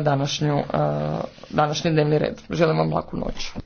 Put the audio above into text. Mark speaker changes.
Speaker 1: današnju, eh, današnji dnevni red. Želim vam laku noć.